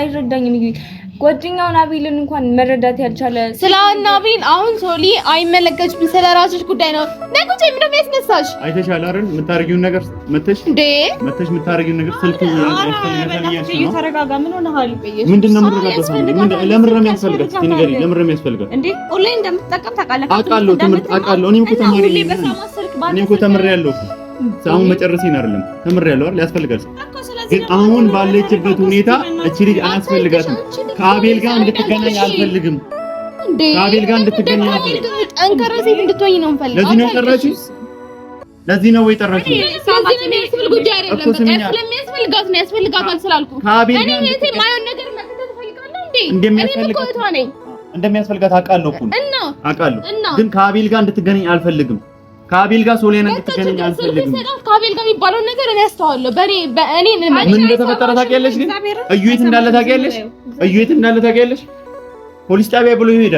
አይረዳኝም። ጓደኛውን አቤልን እንኳን መረዳት ያልቻለ ስለ አናቤል አሁን ሶሊ አይመለከችም። ስለ ራስሽ ጉዳይ ነው። ነጉጭ ምን የሚያስነሳሽ አይተሻል አይደል? የምታረጊውን ነገር መተሽ እንዴ መተሽ የምታረጊውን ነገር ስልኩ ተረጋጋ። ምን ሆነሃል? ምንድን ነው የሚያስፈልጋት? ኦንላይን እንደምትጠቀም ታውቃለህ። አውቃለሁ፣ ትምህርት አውቃለሁ። እኔም እኮ ተማሪ እኔም እኮ ተምሬያለሁ። አሁን መጨረሴን አይደለም ተምሬያለሁ አይደል? ያስፈልጋል ግን አሁን ባለችበት ሁኔታ እቺ ልጅ አያስፈልጋትም። ከአቤል ጋር እንድትገናኝ አልፈልግም። ከአቤል ጋር እንድትገናኝ አልፈልግም። ጠንካራ ሴት እንድትሆኝ ነው የምፈልገው። ለዚህ ነው የጠራችው። ለዚህ ነው ወይ ጠራችው? እንደሚያስፈልጋት አውቃለሁ እኮ ነው አውቃለሁ። ግን ከአቤል ጋር እንድትገናኝ አልፈልግም። ከአቤል ጋር ሶሊያና እንድትገናኝ አልፈልግም። ከአቤል ጋር የሚባለው ነገር እኔ አስተዋለሁ። በእኔ በእኔ ምን እንደተፈጠረ ታውቂያለሽ? ግን እዩ የት እንዳለ ታውቂያለሽ? እዩ የት እንዳለ ታውቂያለሽ? ፖሊስ ጣቢያ ብሎ ሄደ።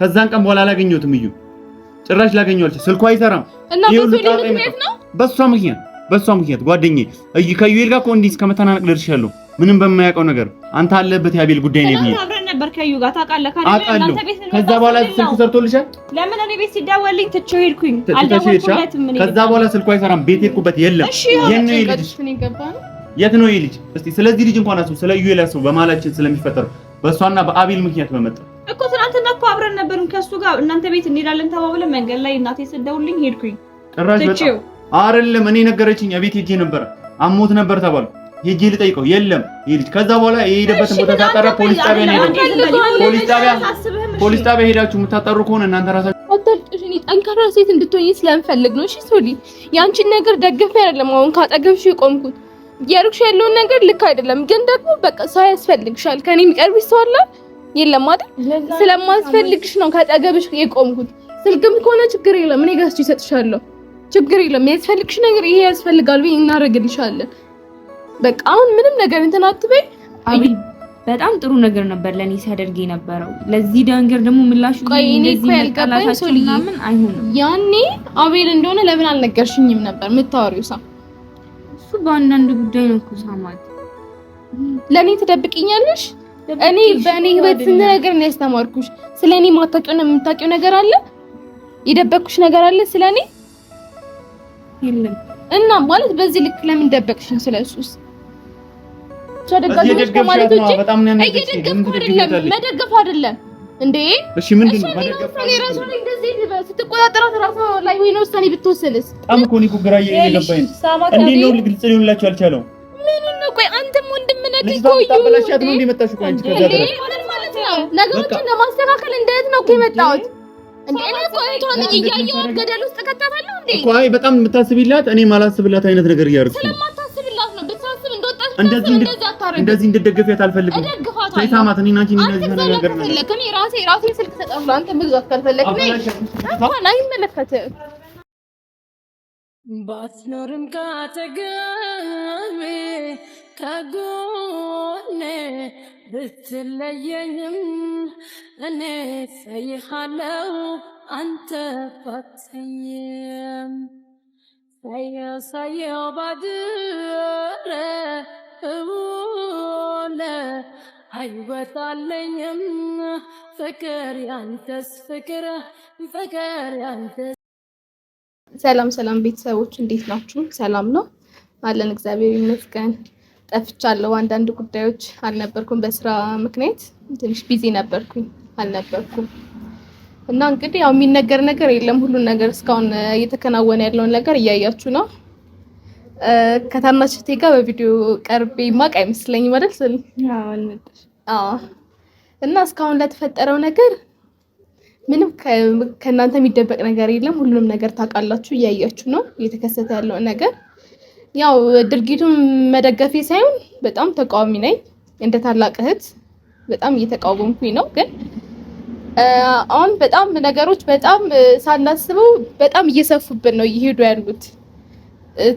ከዛን ቀን በኋላ አላገኘሁትም። እዩ ጭራሽ ላገኘው አልችልም። ስልኩ አይሰራም። እና በሷ ምክንያት በሷ ምክንያት ጓደኛዬ እዩ ከዩኤል ጋር እኮ እንዲህ እስከ መተናነቅ ደርሻለሁ። ምንም በማያውቀው ነገር አንተ አለበት የአቤል ጉዳይ ነው ብዬ ነበር ከዩ ጋር ታውቃለህ። ከዛ በኋላ ስልኩ ሰርቶልሻል? ለምን እኔ ቤት ሲደወልኝ ትቼው ሄድኩኝ። አልደወልኩለትም። ከዛ በኋላ ስልኩ አይሰራም። ቤት ሄድኩበት የለም። የት ነው ይሄ ልጅ? እስቲ ስለዚህ ልጅ እንኳን አስቡ፣ ስለ ዩኤል አስቡ። በመሀላችን ስለሚፈጠሩ በእሷና በአቢል ምክንያት በመጣ እኮ ትናንትና እኮ አብረን ነበርን ከእሱ ጋር እናንተ ቤት እንሄዳለን ተባብለን መንገድ ላይ እናቴ ስትደውልኝ ሄድኩኝ። ጭራሽ አይደለም እኔ ነገረችኝ። ቤት ሄጄ ነበረ አሞት ነበር ተባልኩ ሂጂ ልጠይቀው። የለም ይሄ ከዛ በኋላ የሄደበትን ቦታ ታጠራ። ፖሊስ ጣቢያ ነው ፖሊስ ጣቢያ ፖሊስ ጣቢያ ሄዳችሁ የምታጠሩ ከሆነ እናንተ ራሳችሁ አታልቅሽ። እኔ ጠንካራ ሴት እንድትሆኝ ስለምፈልግ ነው። እሺ ሶሊ፣ ያንቺን ነገር ደግፍ አይደለም አሁን ካጠገብሽ የቆምኩት ያርክሽ ያለውን ነገር ልክ አይደለም፣ ግን ደግሞ በቃ ሰው ያስፈልግሻል። ከኔ የሚቀርብሽ ሰው አለ የለም አይደል? ስለማስፈልግሽ ነው ካጠገብሽ የቆምኩት። ስልክም ከሆነ ችግር የለም እኔ ገዝቼ እሰጥሻለሁ። ችግር የለም። የሚያስፈልግሽ ነገር ይሄ ያስፈልጋል ወይ እናደርግልሻለን በቃ አሁን ምንም ነገር እንትን አትበይ። አቤል በጣም ጥሩ ነገር ነበር ለእኔ ሲያደርግ የነበረው። ለዚህ ነገር ደግሞ ምላሹ ምናምን አይሆንም። ያኔ አቤል እንደሆነ ለምን አልነገርሽኝም ነበር የምታወሪው? ሳ እሱ በአንዳንድ ጉዳይ ነው እኮ ሳማት። ለእኔ ትደብቅኛለሽ? እኔ በእኔ ህይወት ስንት ነገር ነው ያስተማርኩሽ። ስለ እኔ ማታውቂው ነው የምታውቂው ነገር አለ? የደበቅኩሽ ነገር አለ ስለ እኔ? የለም። እና ማለት በዚህ ልክ ለምን ደበቅሽኝ? ስለ እሱስ ደጋፊዎች ከማለት ውጪ እየደገፍኩ አይደለም፣ መደገፍ አይደለም እንዴ። እሺ ምንድን ነው መደገፍ? ራሱ ላይ እንደዚህ ስትቆጣጠራት ራሱ ላይ ወይ ነው ውሳኔ ብትወስንስ? በጣም እኮ እኔ ግራ እየገባኝ ነው። እንዴት ነው ግልጽ ሊሆንላችሁ አልቻለውም? ምኑን ነው? ቆይ አንተም ወንድም ነህ። ቆዩ ታበላሻት ነው ማለት ነው ነገሮችን ለማስተካከል እንደት ነው የመጣሁት እያየኋት ገደል ውስጥ እንዴ። በጣም የምታስቢላት እኔ ማላስብላት አይነት ነገር ነው እንደዚህ እንደዚህ እንድደገፊያት አልፈልግም። ሰይጣማት እኔ ናንቺ እንደዚህ ነው ነገር ነው። እኔ ራሴ ራሴ ስልክ ተጠፍሎ አንተ መግዛት ካልፈለክ እንኳን አይመለከትም። ባትኖርም ካጠገቤ ከጎኔ ብትለየኝም እኔ እጸይሃለሁ አንተ ባትለየኝም ሳየው ባድረ አይወጣለኝም ፍቅር ያንተስ ፍቅር ፍቅር ያንተስ። ሰላም ሰላም ቤተሰቦች እንዴት ናችሁ? ሰላም ነው አለን፣ እግዚአብሔር ይመስገን። ጠፍቻለሁ፣ አንዳንድ ጉዳዮች አልነበርኩም። በስራ ምክንያት ትንሽ ቢዚ ነበርኩኝ፣ አልነበርኩም እና እንግዲህ ያው የሚነገር ነገር የለም። ሁሉን ነገር እስካሁን እየተከናወነ ያለውን ነገር እያያችሁ ነው። ከታናሽ ጋር በቪዲዮ ቀርቤ ማቅ አይመስለኝም ማለት ስል እና እስካሁን ለተፈጠረው ነገር ምንም ከእናንተ የሚደበቅ ነገር የለም። ሁሉንም ነገር ታውቃላችሁ፣ እያያችሁ ነው እየተከሰተ ያለውን ነገር። ያው ድርጊቱን መደገፌ ሳይሆን በጣም ተቃዋሚ ነኝ። እንደ ታላቅ እህት በጣም እየተቃወምኩኝ ነው ግን አሁን በጣም ነገሮች በጣም ሳናስበው በጣም እየሰፉብን ነው እየሄዱ ያሉት።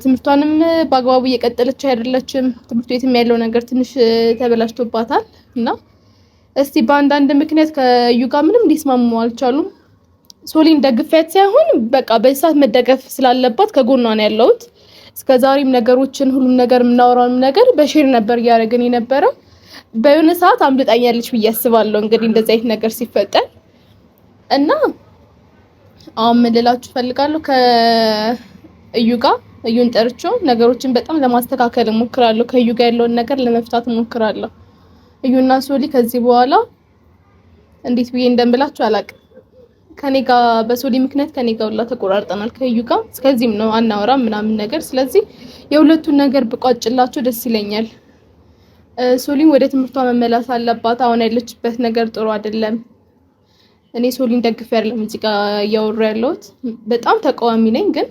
ትምህርቷንም በአግባቡ እየቀጠለች አይደለችም። ትምህርት ቤትም ያለው ነገር ትንሽ ተበላሽቶባታል እና እስቲ በአንዳንድ ምክንያት ከእዩ ጋር ምንም ሊስማሙ አልቻሉም። ሶሊን ደግፊያት ሳይሆን በቃ በሰዓት መደገፍ ስላለባት ከጎኗ ያለውት ያለሁት። እስከዛሬም ነገሮችን ሁሉም ነገር የምናወራውንም ነገር በሼር ነበር እያደረግን የነበረው በሆነ ሰዓት አምልጣኛለች ብዬ አስባለሁ። እንግዲህ እንደዚህ አይነት ነገር ሲፈጠር እና አሁን ምን ልላችሁ ፈልጋለሁ ከእዩ ጋር እዩን ጠርቼው ነገሮችን በጣም ለማስተካከል እሞክራለሁ። ከእዩ ጋር ያለውን ነገር ለመፍታት እሞክራለሁ። እዩና ሶሊ ከዚህ በኋላ እንዴት ብዬ እንደምላችሁ አላውቅም። ከኔ ጋር በሶሊ ምክንያት ከኔ ጋር ሁላ ተቆራርጠናል። ከእዩ ጋር እስከዚህም ነው አናወራም ምናምን ነገር። ስለዚህ የሁለቱን ነገር ብቋጭላቸው ደስ ይለኛል። ሶሊን ወደ ትምህርቷ መመላስ አለባት። አሁን ያለችበት ነገር ጥሩ አይደለም። እኔ ሶሊን ደግፍ ያለ ሙዚቃ እያወሩ ያለሁት በጣም ተቃዋሚ ነኝ፣ ግን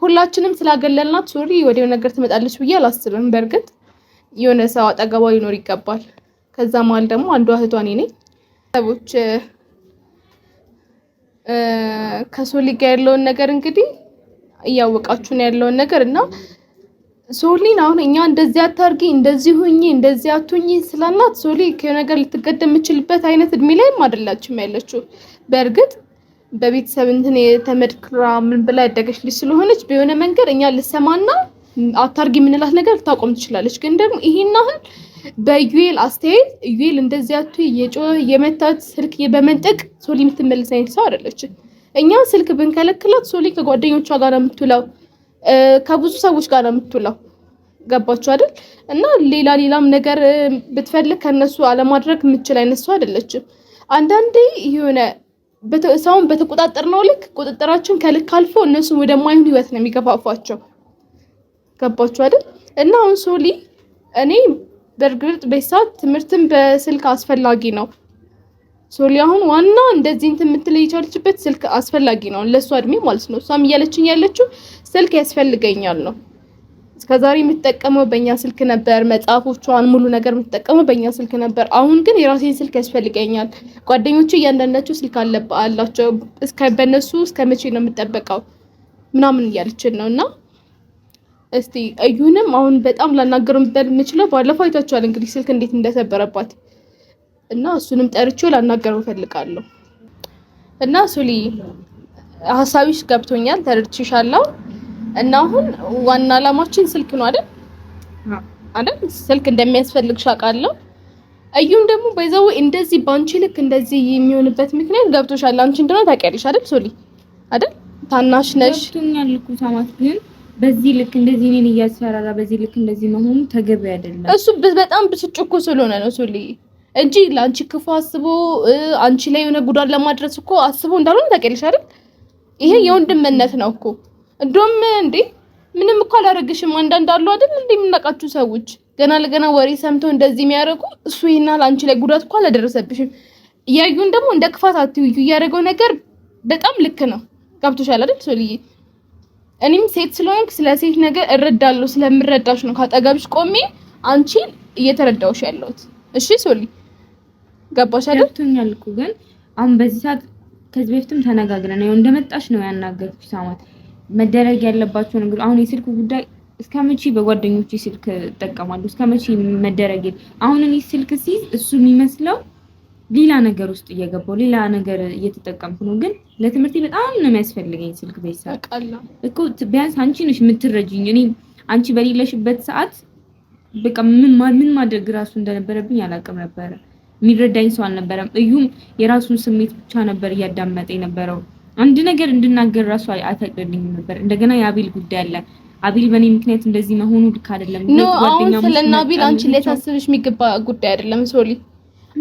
ሁላችንም ስላገለልናት ሶሪ ወደ ነገር ትመጣለች ብዬ አላስብም። በእርግጥ የሆነ ሰው አጠገቧ ሊኖር ይገባል። ከዛ መሀል ደግሞ አንዷ እህቷ እኔ ነኝ። ሰቦች ከሶሊ ጋር ያለውን ነገር እንግዲህ እያወቃችሁን ያለውን ነገር እና ሶሊን አሁን እኛ እንደዚህ አታርጊ እንደዚህ ሁኚ እንደዚህ አትሁኚ ስላላት ሶሊ ከነገር ልትገደም የምችልበት አይነት እድሜ ላይም አይደላችም ያለችው። በእርግጥ በቤተሰብ እንትን የተመድክራ ምን ብላ ያደገች ልጅ ስለሆነች በሆነ መንገድ እኛ ልሰማና አታርጊ የምንላት ነገር ልታቆም ትችላለች። ግን ደግሞ ይሄን አሁን በዩኤል አስተያየት ዩኤል እንደዚህ ቱ የጮ የመታት ስልክ በመንጠቅ ሶሊ የምትመልስ አይነት ሰው አይደለችም። እኛ ስልክ ብንከለክላት ሶሊ ከጓደኞቿ ጋር የምትውለው ከብዙ ሰዎች ጋር ነው የምትውለው። ገባችሁ አይደል? እና ሌላ ሌላም ነገር ብትፈልግ ከነሱ አለማድረግ የምችል አይነት ሰው አይደለችም። አንዳንዴ የሆነ ሰውን በተቆጣጠር ነው ልክ ቁጥጥራችን ከልክ አልፎ እነሱ ወደማይሆን ህይወት ነው የሚገፋፏቸው። ገባችሁ አይደል? እና አሁን ሶሊ እኔ በእርግጥ በሳት ትምህርትን በስልክ አስፈላጊ ነው ሶሊ አሁን ዋና እንደዚህ እንትን የምትለይ የቻለችበት ስልክ አስፈላጊ ነው ለእሷ እድሜ ማለት ነው። እሷም እያለችኝ ያለችው ስልክ ያስፈልገኛል ነው። እስከዛሬ የምትጠቀመው በእኛ ስልክ ነበር፣ መጽሐፎቿን ሙሉ ነገር የምትጠቀመው በእኛ ስልክ ነበር። አሁን ግን የራሴን ስልክ ያስፈልገኛል። ጓደኞቹ እያንዳንዳቸው ስልክ አላቸው። በእነሱ እስከ መቼ ነው የምጠበቀው? ምናምን እያለችን ነው እና እስቲ እዩንም አሁን በጣም ላናገር የምችለው ባለፈው አይታችኋል እንግዲህ ስልክ እንዴት እንደሰበረባት እና እሱንም ጠርቼው ላናገረው እፈልጋለሁ። እና ሱሊ ሀሳቢሽ ገብቶኛል፣ ተረድቼሻለሁ። እና አሁን ዋና አላማችን ስልክ ነው አይደል? አይደል? ስልክ እንደሚያስፈልግሽ አውቃለሁ። እዩም ደግሞ በዛው እንደዚህ ባንቺ ልክ እንደዚህ የሚሆንበት ምክንያት ገብቶሻል። አንቺ እንደሆነ ታውቂያለሽ አይደል? ሱሊ አይደል? ታናሽ ነሽ። ገብቶኛል እኮ ታማት ግን በዚህ ልክ እንደዚህ እኔን እያስፈራራ በዚህ ልክ እንደዚህ መሆኑ ተገቢ አይደለም። እሱ በጣም ብስጭት እኮ ስለሆነ ነው ሱሊ እንጂ ለአንቺ ክፉ አስቦ አንቺ ላይ የሆነ ጉዳት ለማድረስ እኮ አስቦ እንዳልሆነ ታውቂያለሽ አይደል? ይሄ የወንድምነት ነው እኮ። እንደውም እንዴ ምንም እኮ አላደረግሽም። አንዳንድ አሉ አይደል እንዴ የምናውቃችሁ ሰዎች ገና ለገና ወሬ ሰምተው እንደዚህ የሚያደርጉ እሱ ይህና ለአንቺ ላይ ጉዳት እኮ አላደረሰብሽም። እያዩን ደግሞ እንደ ክፋት አትዩ። እያደረገው ነገር በጣም ልክ ነው። ገብቶሻል አይደል ሶልዬ? እኔም ሴት ስለሆንክ ስለ ሴት ነገር እረዳለሁ። ስለምረዳሽ ነው ካጠገብሽ ቆሜ አንቺን እየተረዳውሽ ያለሁት። እሺ ሶልዬ ገባሽ አይደል? ገብቶኛል እኮ ግን አሁን በዚህ ሰዓት ከዚህ በፊትም ተነጋግረን ነው እንደመጣሽ ነው ያናገርኩሽ። ሳማት መደረግ ያለባቸው ነገር አሁን የስልክ ጉዳይ እስከ መቼ በጓደኞች ስልክ እጠቀማለሁ? እስከ መቼ መደረግ አሁን እኔ ስልክ ሲይዝ እሱ የሚመስለው ሌላ ነገር ውስጥ እየገባው ሌላ ነገር እየተጠቀምኩ ነው። ግን ለትምህርቴ በጣም ነው የሚያስፈልገኝ ስልክ። ቤተሰብ እኮ ቢያንስ አንቺ ነሽ የምትረጅኝ። እኔ አንቺ በሌለሽበት ሰዓት በቃ ምን ማድረግ ራሱ እንደነበረብኝ አላውቅም ነበረ። የሚረዳኝ ሰው አልነበረም። እዩም የራሱን ስሜት ብቻ ነበር እያዳመጠ የነበረው። አንድ ነገር እንድናገር ራሱ አይፈቅድልኝም ነበር። እንደገና የአቤል ጉዳይ አለ። አቤል በእኔ ምክንያት እንደዚህ መሆኑ ልክ አይደለም። አሁን ስለና አቤል አንቺ ሊያሳስብሽ የሚገባ ጉዳይ አይደለም። ሶሊ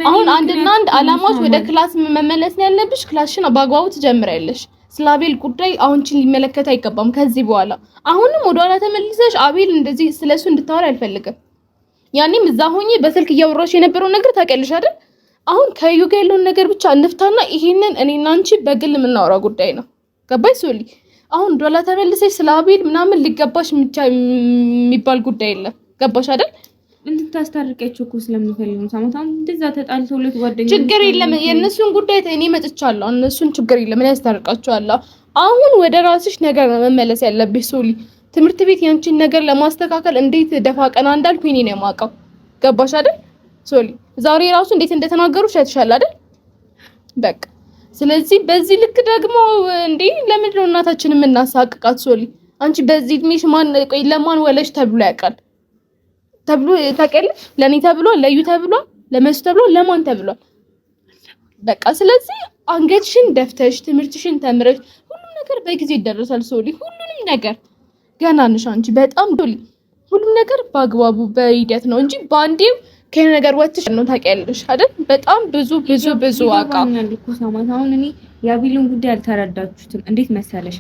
አሁን አንድና አንድ አላማዎች ወደ ክላስ መመለስ ነው ያለብሽ። ክላስሽን በአግባቡ ትጀምሪያለሽ። ስለ አቤል ጉዳይ አሁንችን ሊመለከት አይገባም ከዚህ በኋላ። አሁንም ወደኋላ ተመልሰሽ አቤል እንደዚህ ስለሱ እንድታወሪ አልፈልግም። ያኔም እዛ ሆኜ በስልክ እያወራሽ የነበረው ነገር ታውቂያለሽ አይደል? አሁን ከዩ ጋር ያለውን ነገር ብቻ እንፍታና ይሄንን እኔና አንቺ በግል የምናወራ ጉዳይ ነው። ገባሽ ሶሊ? አሁን ዶላ ተመልሰሽ ስለ አቤል ምናምን ሊገባሽ ብቻ የሚባል ጉዳይ የለም። ገባሽ አይደል? እንድታስታርቂያቸው እኮ ስለምፈልግ ነው። ሳሞታም እንደዛ ተጣልቶ ሁለት ጓደኛ ችግር የለም። የእነሱን ጉዳይ እኔ መጥቻለሁ። እነሱን ችግር የለም። እኔ ያስታርቃቸዋለሁ። አሁን ወደ ራስሽ ነገር መመለስ ያለብሽ ሶሊ ትምህርት ቤት ያንቺን ነገር ለማስተካከል እንዴት ደፋ ቀና እንዳልኩ እኔ ነው የማውቀው። ገባሽ አይደል? ሶሊ ዛሬ ራሱ እንዴት እንደተናገሩ ሸትሻል አይደል? በቃ ስለዚህ በዚህ ልክ ደግሞ እንዴ ለምንድን ነው እናታችን የምናሳቅቃት? ሶሊ አንቺ በዚህ እድሜሽ ማን ቆይ ለማን ወለሽ ተብሎ ያውቃል ተብሎ ታውቂያለሽ? ለኔ ተብሎ ለዩ ተብሎ ለመሱ ተብሎ ለማን ተብሏል? በቃ ስለዚህ አንገትሽን ደፍተሽ ትምህርትሽን ተምረሽ ሁሉም ነገር በጊዜ ይደረሳል። ሶሊ ሁሉንም ነገር ገና ነሽ አንቺ። በጣም ሁሉም ነገር በአግባቡ በሂደት ነው እንጂ በአንዴም ከሆነ ነገር ወጥሽ ነው ታውቂያለሽ አይደል? በጣም ብዙ ብዙ ብዙ አቃ አሁን እኔ የአቤልን ጉዳይ አልተረዳችሁትም። እንዴት መሰለሽ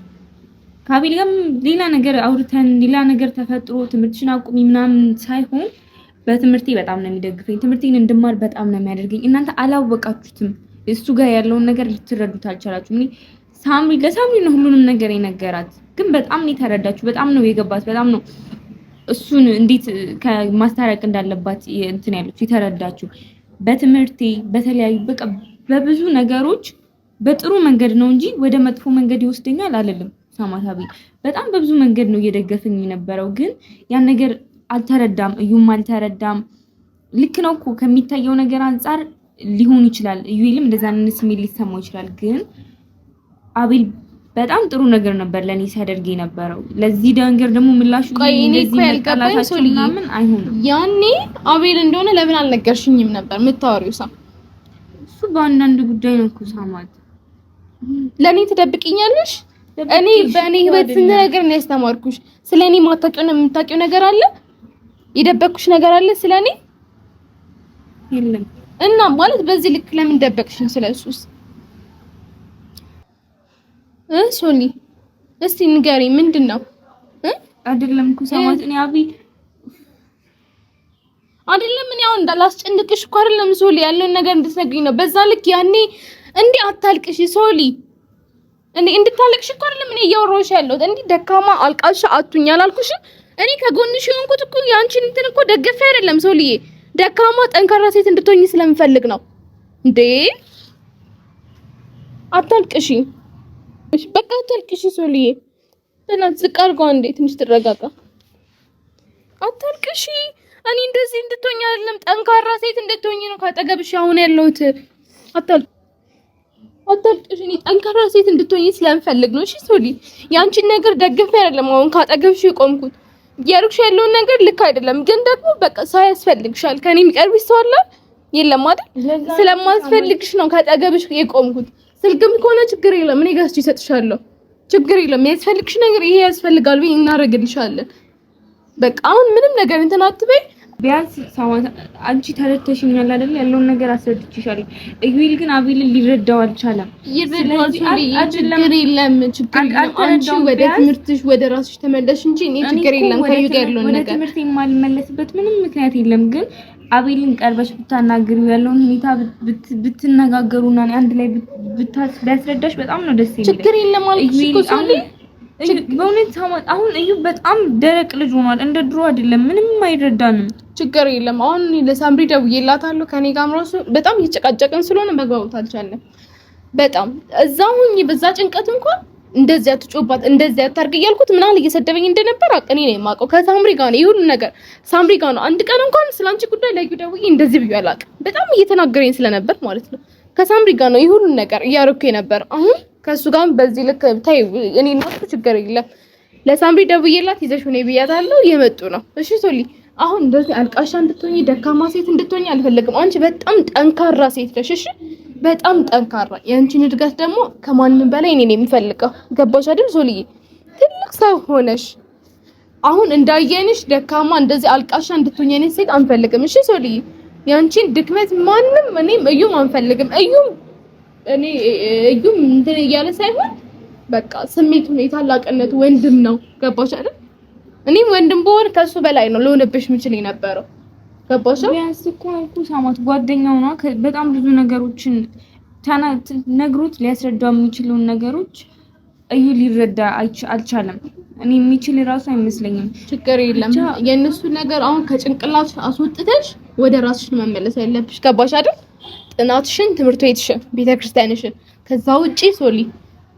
ከአቤል ጋርም ሌላ ነገር አውርተን ሌላ ነገር ተፈጥሮ ትምህርትሽን አቁሚ ምናምን ሳይሆን በትምህርቴ በጣም ነው የሚደግፈኝ። ትምህርቴን እንድማር በጣም ነው የሚያደርገኝ። እናንተ አላወቃችሁትም። እሱ ጋር ያለውን ነገር ልትረዱት አልቻላችሁም። ሳምሪ ለሳምሪ ነው ሁሉንም ነገር የነገራት ግን በጣም ነው የተረዳችሁ፣ በጣም ነው የገባት፣ በጣም ነው እሱን እንዴት ከማስታረቅ እንዳለባት እንትን ያለች የተረዳችሁ። በትምህርቴ በተለያዩ በቃ በብዙ ነገሮች በጥሩ መንገድ ነው እንጂ ወደ መጥፎ መንገድ ይወስደኛል አልልም። ሳማታቢ በጣም በብዙ መንገድ ነው እየደገፈኝ የነበረው፣ ግን ያን ነገር አልተረዳም፣ እዩም አልተረዳም። ልክ ነው እኮ ከሚታየው ነገር አንጻር ሊሆን ይችላል። እዩልም እንደዛ ስሜት ሊሰማው ይችላል፣ ግን አቤል በጣም ጥሩ ነገር ነበር ለእኔ ሲያደርግ የነበረው። ለዚህ ነገር ደግሞ ምላሹ ምናምን አይሆንም። ያኔ አቤል እንደሆነ ለምን አልነገርሽኝም ነበር የምታወሪው? ሳ እሱ በአንዳንድ ጉዳይ ነው እኮ ሳማት። ለእኔ ትደብቅኛለሽ? እኔ በእኔ ህይወት ስንት ነገር ነው ያስተማርኩሽ። ስለ እኔ ማታውቂው የምታውቂው ነገር አለ? የደበቅኩሽ ነገር አለ ስለ እኔ? የለም። እና ማለት በዚህ ልክ ለምን ደበቅሽኝ ስለ እሱስ? እ ሶሊ እስቲ ንገሪ ምንድን ነው? አይደለም እኮ ሰማት እኔ አቢ አይደለም እኔ አሁን እንዳላስጨንቅሽ እኮ አይደለም ሶሊ ያለውን ነገር እንድትነግሪኝ ነው። በዛ ልክ ያኔ እንዲህ አታልቅሽ ሶሊ እንዴ እንድታለቅሽ እኮ አይደለም እኔ እያወራሁሽ ያለሁት። እንዲህ ደካማ አልቃሻ አቱኝ አላልኩሽ? እኔ ከጎንሽ የሆንኩት እኮ ያንቺን እንትን እኮ ደገፈ አይደለም ሶሊዬ፣ ደካማ ጠንካራ ሴት እንድትሆኝ ስለምፈልግ ነው። እንዴ አታልቅሽ። በቃ አታልቅሽ ሶልዬ። ትናንት ዝቅ አድርጓ እንዴ ትንሽ ትረጋጋ። አታልቅሽ። እኔ እንደዚህ እንድትሆኝ አይደለም ጠንካራ ሴት እንድትሆኝ ነው ካጠገብሽ አሁን ያለሁት። አታልቅ አታልቅሽ። እኔ ጠንካራ ሴት እንድትሆኝ ስለምፈልግ ነው። እሺ ሶሊ፣ ያንቺን ነገር ደግፌ አይደለም አሁን ካጠገብሽ የቆምኩት። እያደረግሽ ያለውን ነገር ልክ አይደለም፣ ግን ደግሞ በቃ ሰው ያስፈልግሻል። ከኔ የሚቀርብሽ ሰው አለ የለም አይደል? ስለማስፈልግሽ ነው ካጠገብሽ የቆምኩት። ስልክም ከሆነ ችግር የለም እኔ ገዝቼ እሰጥሻለሁ። ችግር የለም የሚያስፈልግሽ ነገር ይሄ ያስፈልጋል ወይ እናደርግልሻለን። በቃ አሁን ምንም ነገር እንትን አትበይ። ቢያንስ አንቺ ተረድተሽኛል አይደል? ያለውን ነገር አስረድቼሻለሁ። እዩል ግን አቤልን ሊረዳው አልቻለም። ችግር የለም ችግር የለም። አንቺ ወደ ትምህርትሽ ወደ ራስሽ ተመለሽ እንጂ እኔ ችግር የለም ከዩ ጋር ያለውን ነገር ወደ ትምህርት የማልመለስበት ምንም ምክንያት የለም ግን አቤልን ቀርበሽ ብታናግሪ ያለውን ሁኔታ ብትነጋገሩና አንድ ላይ ቢያስረዳሽ በጣም ነው ደስ የሚለኝ። ችግር የለም አልኩሽ እኮ ሶሊ። በእውነት አሁን እዩ በጣም ደረቅ ልጅ ሆኗል። እንደ ድሮ አይደለም፣ ምንም አይረዳንም። ችግር የለም አሁን ለሳምሪ ደውዬላታለሁ። ከኔ ጋርም ራሱ በጣም እየጨቃጨቅን ስለሆነ መግባባት አልቻለም። በጣም እዛ ሁኚ በዛ ጭንቀት እንኳን እንደዚያ ትጮባት እንደዚያ ታርግ እያልኩት ምናምን እየሰደበኝ እንደነበር እኔ ነው የማውቀው። ከሳምሪ ጋር ነው ይሁን ነገር ሳምሪ ጋር ነው። አንድ ቀን እንኳን ስላንቺ ጉዳይ ላይ ደውዬ እንደዚህ ብዬ አላውቅም። በጣም እየተናገረኝ ስለነበር ማለት ነው። ከሳምሪ ጋር ነው ይሁን ነገር እያረኩ ነበር። አሁን ከእሱ ጋር በዚህ ልክ ታይ እኔ ነው ችግር የለም። ለሳምሪ ደውዬላት ይዘሽ ሆነ ብያታለሁ። የመጡ ነው እሺ ሶሊ አሁን እንደዚህ አልቃሻ እንድትሆኝ ደካማ ሴት እንድትሆኝ አልፈለግም። አንቺ በጣም ጠንካራ ሴት ነሽ እሺ በጣም ጠንካራ የአንቺን እድገት ደግሞ ከማንም በላይ እኔ ነው የምፈልገው። ገባሽ አይደል ሶልዬ? ትልቅ ሰው ሆነሽ አሁን እንዳየንሽ ደካማ እንደዚህ አልቃሻ እንድትሆኝ ሴት አንፈልግም። እሺ ሶልዬ፣ የአንቺን ድክመት ማንም እኔም እዩም አንፈልግም። እዩም እኔ እዩም እንትን እያለ ሳይሆን በቃ ሁኔታ ታላቅነት ወንድም ነው። ገባሽ አይደል? እኔም ወንድም በሆን ከሱ በላይ ነው ለሆነብሽ ምችል የነበረው ገባሽ? ቢያንስ እኮ አልኩሽ አማት ጓደኛው ነው። በጣም ብዙ ነገሮችን ነግሮት ሊያስረዳው የሚችለውን ነገሮች እዩ ሊረዳ አልቻለም። እኔ የሚችል ራሱ አይመስለኝም። ችግር የለም የእነሱ ነገር አሁን ከጭንቅላት አስወጥተሽ ወደ ራስሽ መመለስ ያለብሽ ገባሽ አይደል? ጥናትሽን፣ ትምህርት ቤትሽን፣ ቤተክርስቲያንሽን ከዛ ውጪ ሶሊ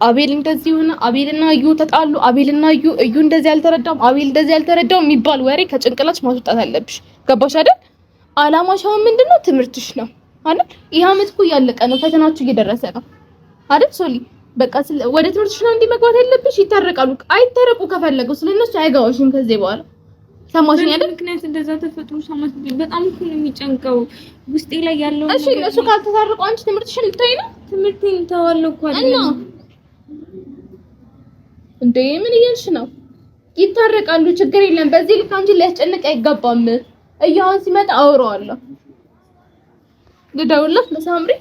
አቤል እንደዚህ ሆነ፣ አቤልና እዩ ተጣሉ፣ አቤልና እዩ እዩ እንደዚህ አልተረዳም፣ አቤል እንደዚህ አልተረዳም የሚባል ወሬ ከጭንቅላች ማስወጣት አለብሽ። ገባሽ አይደል? አላማሽ አሁን ምንድነው? ትምህርትሽ ነው አይደል? ይሄ አመት እኮ እያለቀ ነው፣ ፈተናችሁ እየደረሰ ነው አይደል? ሶሊ በቃ ወደ ትምህርትሽ ነው እንዲመግባት ያለብሽ። ይታረቃሉ፣ አይታረቁ ከፈለጉ ስለነሱ አይጋዎሽም ከዚህ በኋላ ሰማሽኝ አይደል? ምክንያት እንደዛ ተፈጥሮ ሰማሽ። በጣም እኮ ነው የሚጨንቀው ውስጤ ላይ ያለው። እሺ እሱ ካልተታረቁ አንቺ ትምህርትሽን ልታይ ነው። ትምህርቴን ተዋለው እኮ አይደል እንዴ ምን እያልሽ ነው? ይታረቃሉ፣ ችግር የለም። በዚህ ልክ አንቺ ሊያስጨንቅ አይገባም። እያሁን ሲመጣ አውረዋለሁ። ልደውልላት ለሳምሪ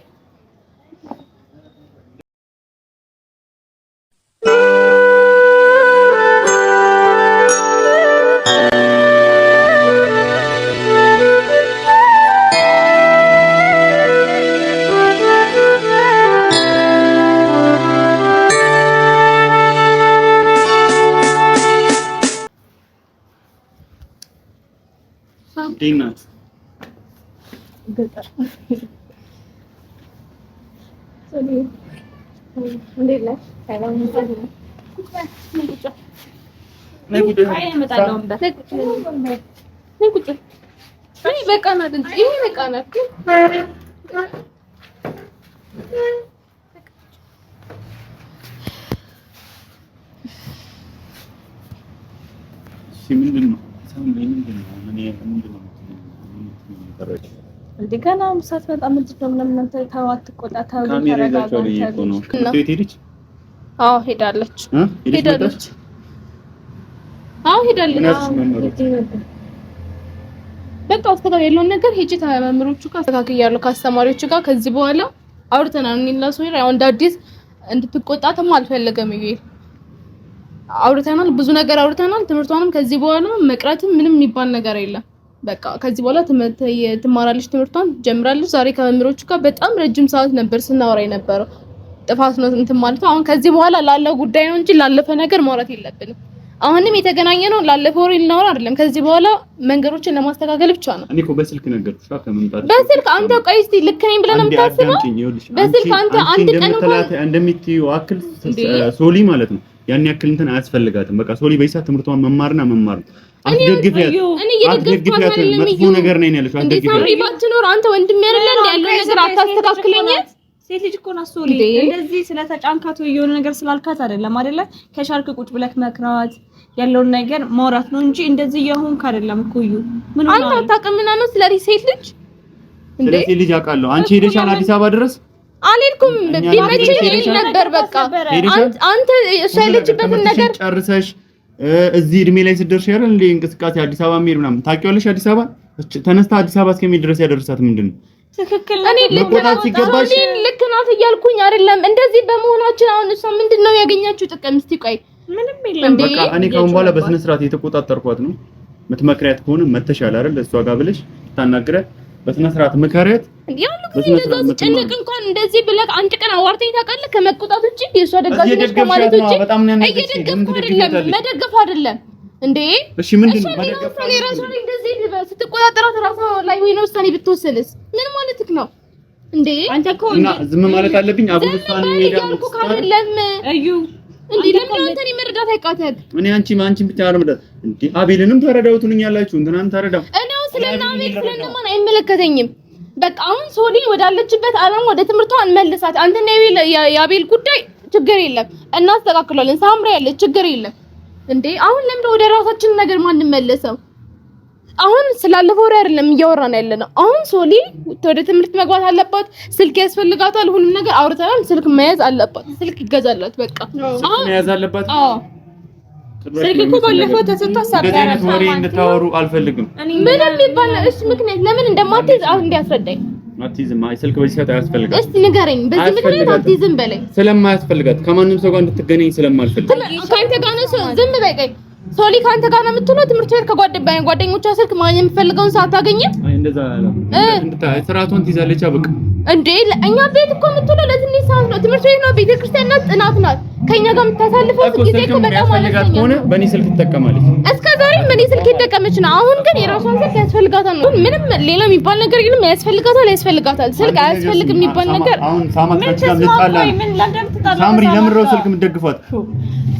እንዴት ናት? ምንድን ነው? ምንድን ነው? ምንድን ነው? የነበረች እንዴ ገና ምሳት በጣም ምንድን ነው ምናምን አንተ ተው አትቆጣት ካሜራ ይዛቸው እኮ ነው ቤት ሄደች አዎ ሄዳለች ሄዳለች አዎ ሄዳለች በቃ አስተካክል ያለውን ነገር ሄጂ ተመምሮቹ ጋር አስተካክያለሁ ከአስተማሪዎቹ ጋር ከዚህ በኋላ አውርተናል እኔና ሶይራ ያው እንደ አዲስ እንድትቆጣትም አልፈለገም ይሄ አውርተናል ብዙ ነገር አውርተናል ትምህርቷንም ከዚህ በኋላ መቅረትም ምንም የሚባል ነገር የለም በቃ ከዚህ በኋላ ትማራለች፣ ትምህርቷን ጀምራለች። ዛሬ ከመምህሮቹ ጋር በጣም ረጅም ሰዓት ነበር ስናወራ የነበረው። ጥፋት ነው እንትን ማለት አሁን ከዚህ በኋላ ላለው ጉዳይ ነው እንጂ ላለፈ ነገር ማውራት የለብንም። አሁንም የተገናኘ ነው ላለፈ ወሬ ልናወራ አይደለም። ከዚህ በኋላ መንገዶችን ለማስተካከል ብቻ ነው። እኔ እኮ በስልክ ነገርኩሽ። ከመምጣት በስልክ አንተ ቆይ እስቲ ልክ ነኝ ብለህ ነው የምታስበው? በስልክ አንተ አንድ ቀን እንደምትይው አክል ሶሊ ማለት ነው ያን ያክል እንትን አያስፈልጋትም። በቃ ሶሊ በይሳ ትምህርቷን መማርና መማር ነው። አትደግፊያት፣ ነገር ነኝ ያለችው አትደግፊያት። ባትኖር አንተ ያለው ነገር ሴት ልጅ እኮ ናት ሶሊ። እንደዚህ ስለተጫንካት ወይ የሆነ ነገር ስላልካት አይደለም አይደለ? ከሻርክ ቁጭ ብለክ መክራት ያለውን ነገር ማውራት ነው እንጂ እንደዚህ የሆንክ አይደለም እኮ እዩ። ምን አንተ አታውቅም ምናምን ሴት ልጅ ስለሴት ልጅ አውቃለሁ። አንቺ ሄደሻል አዲስ አበባ ድረስ አልሄድኩም ቢመችኝ ይሄድ ነበር። በቃ አንተ እሱ ያለችበትን ነገር ጨርሰሽ እዚህ እድሜ ላይ ስደርሽ ያለ እንደ እንቅስቃሴ አዲስ አበባ የሚሄድ ምናምን ታውቂዋለሽ። አዲስ አበባ ተነስታ አዲስ አበባ እስከሚሄድ ድረስ ያደርሳት ምንድን ነው? ትክክል ልክ ናት እያልኩኝ አይደለም። እንደዚህ በመሆናችን አሁን እሷ ምንድን ነው ያገኛችሁ ጥቅም? እስቲ ቆይ ምንም የለም። በቃ እኔ ከአሁን በኋላ በስነ ስርዓት የተቆጣጠርኳት ነው። የምትመክሪያት ከሆነ መተሻል አይደል እሷ ጋር ብለሽ ታናግሪያት በስነ ስርዓት ምከረት። ያሉ እንኳን እንደዚህ ብለህ አንድ ቀን አዋርተኝ ታውቃለህ? ከመቆጣት ውጪ የእሷ ደጋፊ ነሽ ከማለት ውጪ እየደገፍኩ አይደለም፣ መደገፍ አይደለም እንዴ። እሺ ምንድን ነው ስትቆጣጠራት ራሱ ላይ ወይ ነው ውሳኔ ብትወስንስ ምን ማለትህ ነው? እንዴ አንተ ዝም ማለት አለብኝ። አቡ ውሳኔ ነው ካደለም እንዴ አቤልንም ተረዳውትልኝ ያላችሁ እንትናን ተረዳው እኔ ስለና ቤት ስለነማን አይመለከተኝም። በቃ አሁን ሶሊ ወዳለችበት ዓለም ወደ ትምህርቷ እንመልሳት። አንተና የአቤል ጉዳይ ችግር የለም እናስተካክሏለን። ሳምራ ያለች ችግር የለም እንዴ። አሁን ለምን ወደ ራሳችን ነገር ማን መለሰው? አሁን ስላለፈው ወሬ አይደለም እያወራን ያለ ነው። አሁን ሶሊ ወደ ትምህርት መግባት አለባት። ስልክ ያስፈልጋታል። ሁሉም ነገር አውርተናል። ስልክ መያዝ አለባት። ስልክ ይገዛላት። በቃ አሁን መያዝ አለባት። አዎ ስልክ እኮ ባለፈው ተሰጥቶ ወሬ እንድታወሩ አልፈልግም። ምንም የሚባል እሱ ምክንያት ለምን እንደማትይዝ እንዲያስረዳኝ። አትይዝም። አይ ስልክ በዚህ ሰዓት አያስፈልጋትም። እስቲ ንገረኝ፣ በዚህ ምክንያት አትይዝም በለኝ። ስለማያስፈልጋት ከማንም ሰው ጋር እንድትገናኝ ስለማልፈልግ ከአንተ ጋር ነው። ዝም በይ ሶሊ ከአንተ ጋር ነው የምትውለው። ትምህርት ቤት ከጓደኛ ጓደኞቿ ስልክ ማግኘት የምትፈልገውን ሰዓት አታገኝም። ስርዓቷን ትይዛለች። አበቃ እንዴ! እኛ ቤት እኮ የምትውለው ለትንሽ ሰዓት ነው። ትምህርት ቤት ነው፣ ቤተ ክርስቲያን ናት፣ ጥናት ናት። ከኛ ጋር የምታሳልፈው ጊዜ እኮ በጣም አለፈኝ። በእኔ ስልክ ትጠቀማለች። እስከ ዛሬም በእኔ ስልክ የጠቀመች ነው። አሁን ግን የራሷን ስልክ ያስፈልጋታል ነው። ምንም ሌላ የሚባል ነገር የለም። ያስፈልጋታል፣ ያስፈልጋታል። ስልክ አያስፈልግ የሚባል ነገር አሁን ሳማት ከዚህ ለምን ልጣላ ሳምሪ ለምን ነው ስልክ የምትደግፏት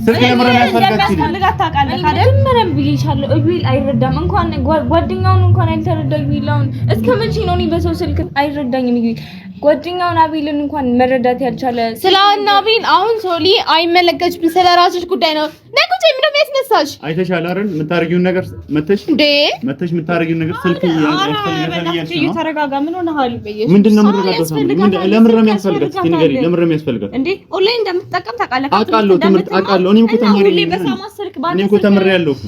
ስልክ ለምን ያስፈልጋት ታውቃለህ? አይረዳም። እንኳን ጓደኛውን እንኳን አልተረዳ። እዩል እስከ መቼ ነው እኔ በሰው ስልክ አይረዳኝም? እዩል ጓደኛውን አቤልን እንኳን መረዳት ያልቻለ ስለአሁን አቤል አሁን ሶሊ አይመለከትሽም። ስለ ራስሽ ጉዳይ ነው። ነቁጭ ምን ነው አይተሻል አይደል? የምታረጊውን ነገር መተሽ እንዴ መተሽ የምታረጊውን ነገር ስልክ ተረጋጋ። ምን ሆነሃል? ለምን ነው ለምን ነው እንዴ ኦንላይን እንደምትጠቀም ታውቃለህ? አውቃለሁ። ትምህርት አውቃለሁ እኔም እኮ ተምሬያለሁ እኮ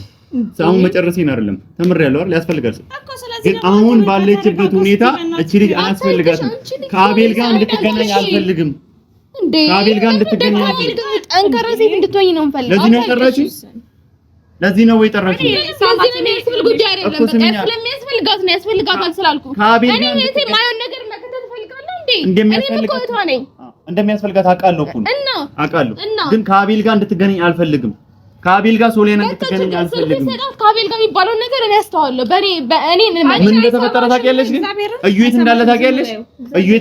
አሁን መጨረሴን አይደለም ተምሬያለሁ አይደል? ያስፈልጋል ግን አሁን ባለችበት ሁኔታ እቺ ልጅ አያስፈልጋትም። ከአቤል ጋር እንድትገናኝ አልፈልግም። ከአቤል ጋር እንድትገናኝ አልፈልግም ጠንካራ ሴት እንድትሆኝ ነው የምፈልገው። ለዚህ ነው የጠራችኝ። ለዚህ ነው ወይ ጠራችኝ? ስለሚያስፈልጋት ነው ያስፈልጋታል ስላልኩ እኔ ማየውን ነገር እንደሚያስፈልጋት አውቃለሁ እኮ ግን ከአቤል ጋር እንድትገናኝ አልፈልግም። ከአቤል ጋር ሶሊያና እንድትገናኝ አልፈልግም። ከአቤል ጋር ነገር እኔ አስተዋለሁ። በእኔ በእኔ ምን እንደተፈጠረ ታውቂያለሽ? ግን እንዳለ ታውቂያለሽ?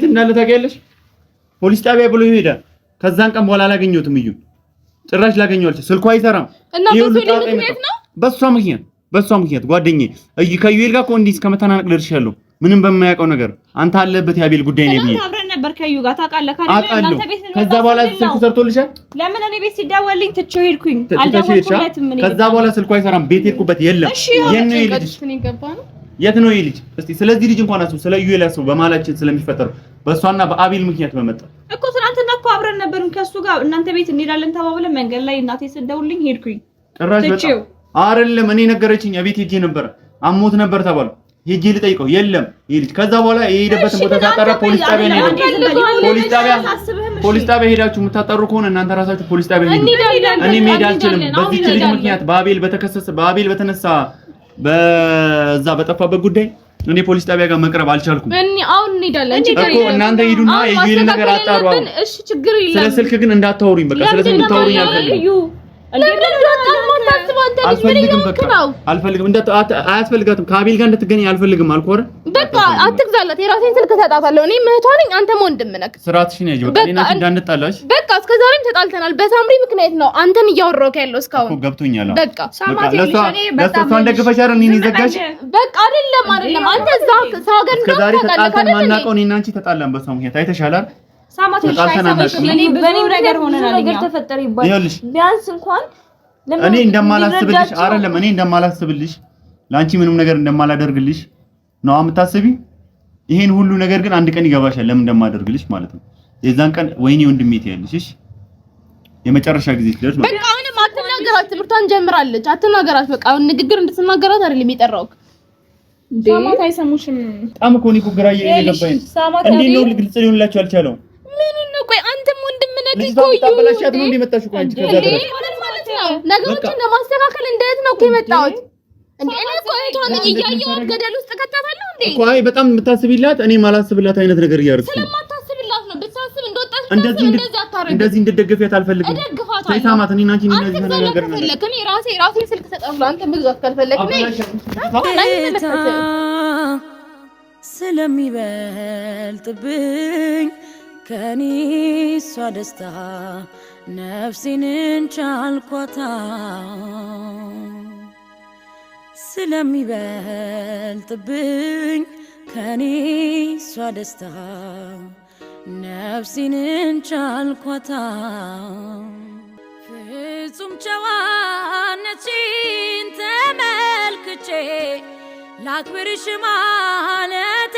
እንዳለ ታውቂያለሽ? ፖሊስ ጣቢያ ብሎ ይሄዳ ከዛን ቀን በኋላ አላገኘሁትም። እዩ ጭራሽ ላገኘዋለች። አይሰራም። እና በሷ ምክንያት በሷ ምክንያት ጓደኛዬ እዩ ከዩኤል ጋር እኮ እንዲህ እስከ መተናነቅ ደርሻለሁ። ምንም በማያውቀው ነገር አንተ አለበት የአቤል ጉዳይ ነው ብዬ አብረን ነበር ከዩ ጋር ታውቃለህ። ከዛ በኋላ ስልኩ ሰርቶልሻል? ለምን እኔ ቤት ሲደወልልኝ ትቼው ሄድኩኝ። አልደወልኩለትም። ከዛ በኋላ ስልኩ አይሰራም። ቤት ሄድኩበት የለም። የት ነው ይሄ ልጅ? እስቲ ስለዚህ ልጅ እንኳን አስቡ፣ ስለ ዩኤል አስቡ። በመሀላችን ስለሚፈጠረው በእሷና በአቤል ምክንያት በመጣ እኮ ትናንትና እኮ አብረን ነበርን ከሱ ጋር እናንተ ቤት እንሄዳለን ተባብለን መንገድ ላይ እናቴ ስትደውልልኝ ሄድኩኝ። ጭራሽ አይደለም እኔ ነገረችኝ። ቤት ሄጄ ነበረ አሞት ነበር ተባልኩ ሂጂ ልጠይቀው። የለም ይሄድ። ከዛ በኋላ የሄደበትን ቦታ ታጣራ። ፖሊስ ጣቢያ ነው ፖሊስ ጣቢያ ፖሊስ ጣቢያ ሄዳችሁ የምታጣሩ ከሆነ እናንተ ራሳችሁ ፖሊስ ጣቢያ ሄዱ። እኔ መሄድ አልችልም። በዚህ ልጅ ምክንያት በአቤል በተከሰሰ በአቤል በተነሳ በዛ በጠፋበት ጉዳይ እኔ ፖሊስ ጣቢያ ጋር መቅረብ አልቻልኩም። እኔ አሁን እንሄዳለን እኮ እናንተ ሂዱና የዩል ነገር አጣሩ። አሁን እሺ፣ ችግር የለም። ስለ ስልክ ግን እንዳታወሩኝ፣ በቃ ስለ ስልክ ታወሩኝ አልፈልግም። አልፈልግም አያስፈልጋትም። ከአቤል ጋር እንድትገኝ አልፈልግም። አልኮረ በቃ አትግዛላት። የራሴን ስልክ ሰጣታለሁ። እኔ እህቷ ነኝ፣ አንተም ወንድም ነህ። ስርዓትሽን ያዥ። በቃ እንዳንጣላሽ። በቃ እስከ ዛሬም ተጣልተናል። በሳምሪ ምክንያት ነው አንተን እያወራሁ ያለው እስካሁን። ገብቶኛል። በቃ ደግፈሽ አይደል እኔን የዘጋሽ? በቃ አይደለም አይደለም። አንተ እዛ ሳገር ነው ተጣልተናል። ማናውቀው እኔ እና አንቺ ተጣላን በእሷ ምክንያት አይተሻል ሳማት ነገር ተፈጠረ እኔ እንደማላስብልሽ አይደለም፣ እኔ እንደማላስብልሽ ለአንቺ ምንም ነገር እንደማላደርግልሽ ነው የምታስቢ። ይሄን ሁሉ ነገር ግን አንድ ቀን ይገባሻል፣ ለምን እንደማደርግልሽ ማለት ነው። የዛን ቀን ወይኔ ወንድሜ ትያለሽ። የመጨረሻ ጊዜ ትደርስ ነው። በቃ አሁንም አትናገራት፣ ትምህርቷን ጀምራለች። አትናገራት። በቃ አሁን ንግግር እንድትናገራት አይደለም የጠራሁት። ሳማት አይሰሙሽም። በጣም እኮ እኔ እኮ ግራ እየገባኝ ነው። እንዴት ነው ግልጽ ሊሆንላችሁ አልቻለውም። ምኑን ነው? ቆይ አንተም ወንድም ነህ እኮ ነገሮችን ለማስተካከል እንደት ነው እኮ የመጣሁት። እያየኋት ገደል ውስጥ ከታታለሁ እንዴ? ቆይ በጣም የምታስቢላት እኔ ማላስብላት አይነት ነገር እያደረኩ ነው። እንደዚህ እንድትደግፊያት አልፈልግም። ተይሳማት እኔ ናንቺ እንደዚህ ነገር ነው። ለከኔ ራሴ ራሴ ስልክ አንተ ስለሚበልጥብኝ ከኔ እሷ ደስታ ነፍሴን እንቻልኳታ ስለሚበልጥብኝ ከኔ ደስታ ነፍሴን እንቻልኳታ ፍጹም ጨዋነትሽን ተመልክቼ ላክብርሽ ማለቴ